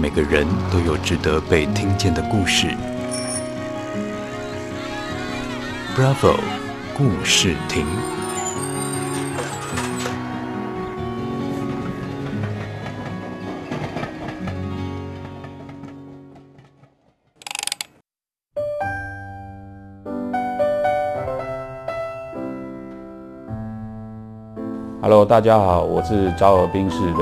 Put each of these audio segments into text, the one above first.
每個人都有值得被聽見的故事。Bravo，故事亭。Hello，大家好，我是昭和冰室的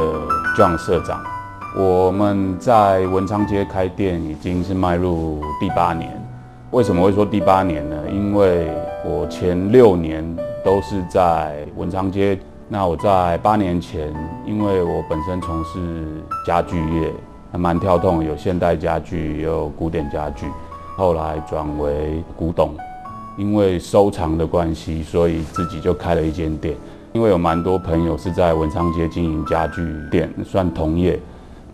John 社長。我們在文昌街開店已經是邁入第八年，為什麼會說第八年呢？因為我前六年都是在文昌街。那我在八年前，因為我本身從事家具業，還蠻跳動，有現代家具，也有古典家具。後來轉為古董，因為收藏的關係，所以自己就開了一間店。因為有蠻多朋友是在文昌街經營家具店，算同業。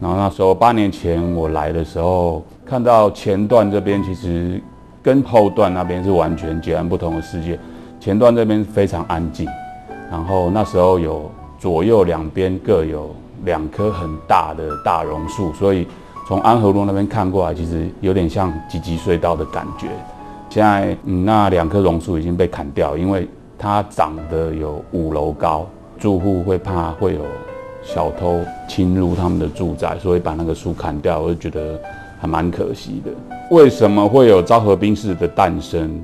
然後那時候八年前我來的時候，看到前段這邊其實跟後段那邊是完全截然不同的世界。前段這邊非常安靜，然後那時候有左右兩邊各有兩棵很大的大榕樹，所以從安和路那邊看過來，其實有點像吉吉隧道的感覺。現在，嗯，那兩棵榕樹已經被砍掉了，因為它長得有五樓高，住戶會怕會有。小偷侵入他們的住宅，所以把那個樹砍掉，我就覺得還蠻可惜的。為什麼會有昭和冰室的誕生？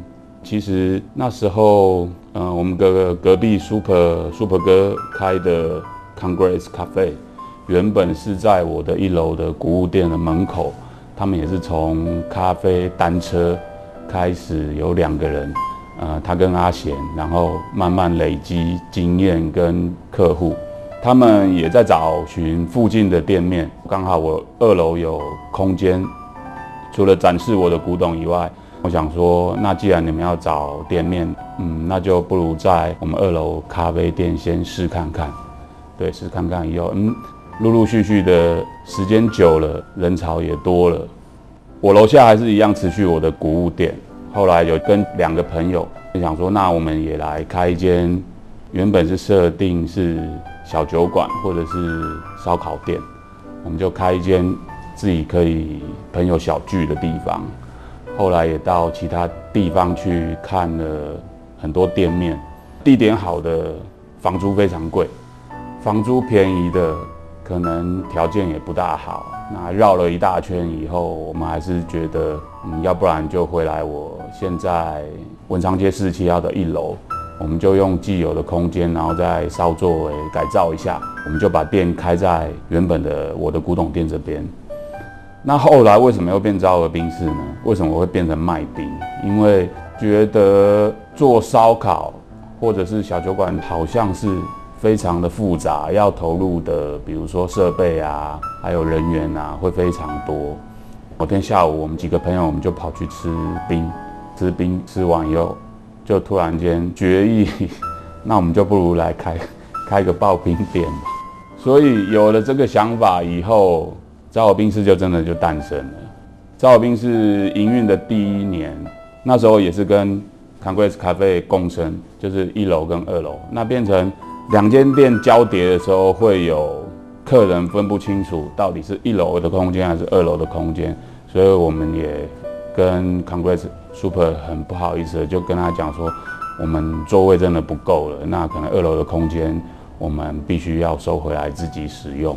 其實那時候，嗯、呃，我們隔隔壁 super super 哥開的 Congress Cafe，原本是在我的一樓的古物店的門口。他們也是從咖啡單車開始，有兩個人，呃，他跟阿賢，然後慢慢累積經驗跟客戶。他們也在找尋附近的店面，剛好我二樓有空間，除了展示我的古董以外，我想說，那既然你們要找店面，嗯，那就不如在我們二樓咖啡店先試看看，對，試看看以後，嗯，陸陸續續的時間久了，人潮也多了，我樓下還是一樣持續我的古物店。後來有跟兩個朋友，就想說，那我們也來開一間，原本是設定是。小酒館或者是燒烤店，我們就開一間自己可以朋友小聚的地方。後來也到其他地方去看了很多店面，地點好的房租非常貴，房租便宜的可能條件也不大好。那繞了一大圈以後，我們還是覺得，嗯，要不然就回來。我現在文昌街四十七號的一樓。我們就用既有的空間，然後再稍作改造一下。我們就把店開在原本的我的古董店這邊。那後來為什麼又變昭和冰室呢？為什麼我會變成賣冰？因為覺得做燒烤或者是小酒館好像是非常的複雜，要投入的，比如說設備啊，還有人員啊，會非常多。某天下午，我們幾個朋友我們就跑去吃冰，吃冰吃完以後。就突然間決議， 那我們就不如來開開個刨冰店。所以有了這個想法以後，昭和冰室就真的就誕生了。昭和冰室營運的第一年，那時候也是跟 Congress Cafe 共生，就是一樓跟二樓。那變成兩間店交疊的時候，會有客人分不清楚到底是一樓的空間還是二樓的空間，所以我們也跟 Congress Super 很不好意思，就跟他講說，我們座位真的不夠了，那可能二樓的空間，我們必須要收回來自己使用，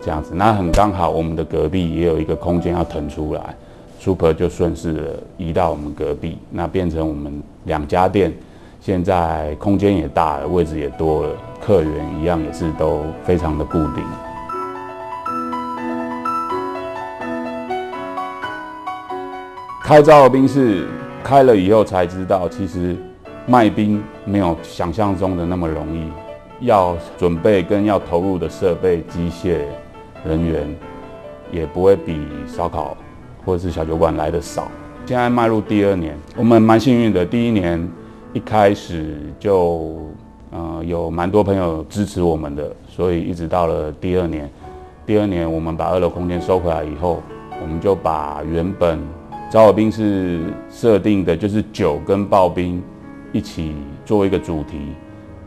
這樣子。那很剛好，我們的隔壁也有一個空間要騰出來，Super 就順勢移到我們隔壁，那變成我們兩家店，現在空間也大了，位置也多了，客源一樣也是都非常的固定。開昭和冰室開了以後才知道，其實賣冰沒有想象中的那麼容易。要準備跟要投入的設備、機械、人員，也不會比燒烤或者是小酒館來得少。現在邁入第二年，我們蠻幸運的。第一年一開始就呃有蠻多朋友支持我們的，所以一直到了第二年。第二年我們把二樓空間收回來以後，我們就把原本昭和冰是設定的，就是酒跟刨冰一起做一個主題，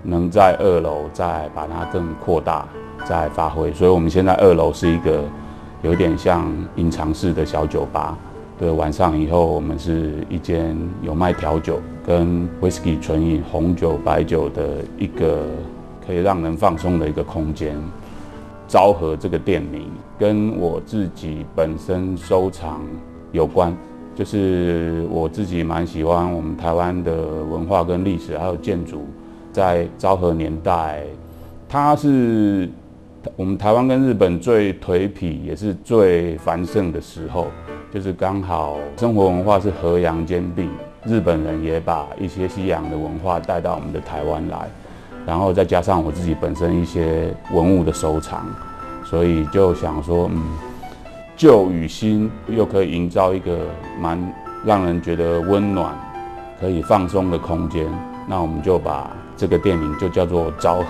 能在二樓再把它更擴大、再發揮。所以我們現在二樓是一個有點像隱藏式的小酒吧。對，晚上以後我們是一間有賣調酒跟 whisky 純飲、紅酒、白酒的一個可以讓人放鬆的一個空間。昭和這個店名跟我自己本身收藏有關。就是我自己蠻喜歡我們台灣的文化跟歷史，還有建築。在昭和年代，它是我們台灣跟日本最頹圮也是最繁盛的時候，就是剛好生活文化是和洋兼併，日本人也把一些西洋的文化帶到我們的台灣來，然後再加上我自己本身一些文物的收藏，所以就想說，嗯。舊與新又可以營造一個蠻讓人覺得溫暖、可以放鬆的空間，那我們就把這個店名就叫做昭和。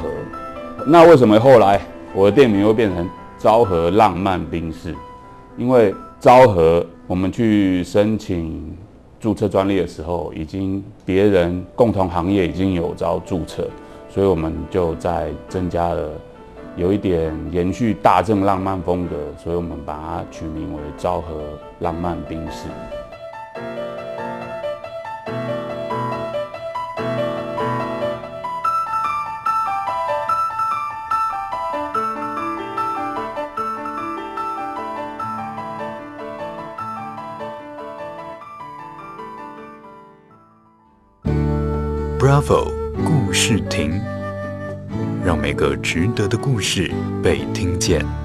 那為什麼後來我的店名又變成昭和浪漫冰室？因為昭和我們去申請註冊專利的時候，已經別人共同行業已經有招註冊，所以我們就再增加了。有一點延續大正浪漫風格，所以我們把它取名為昭和浪漫冰室。Bravo，故事亭。讓每個值得的故事被聽見。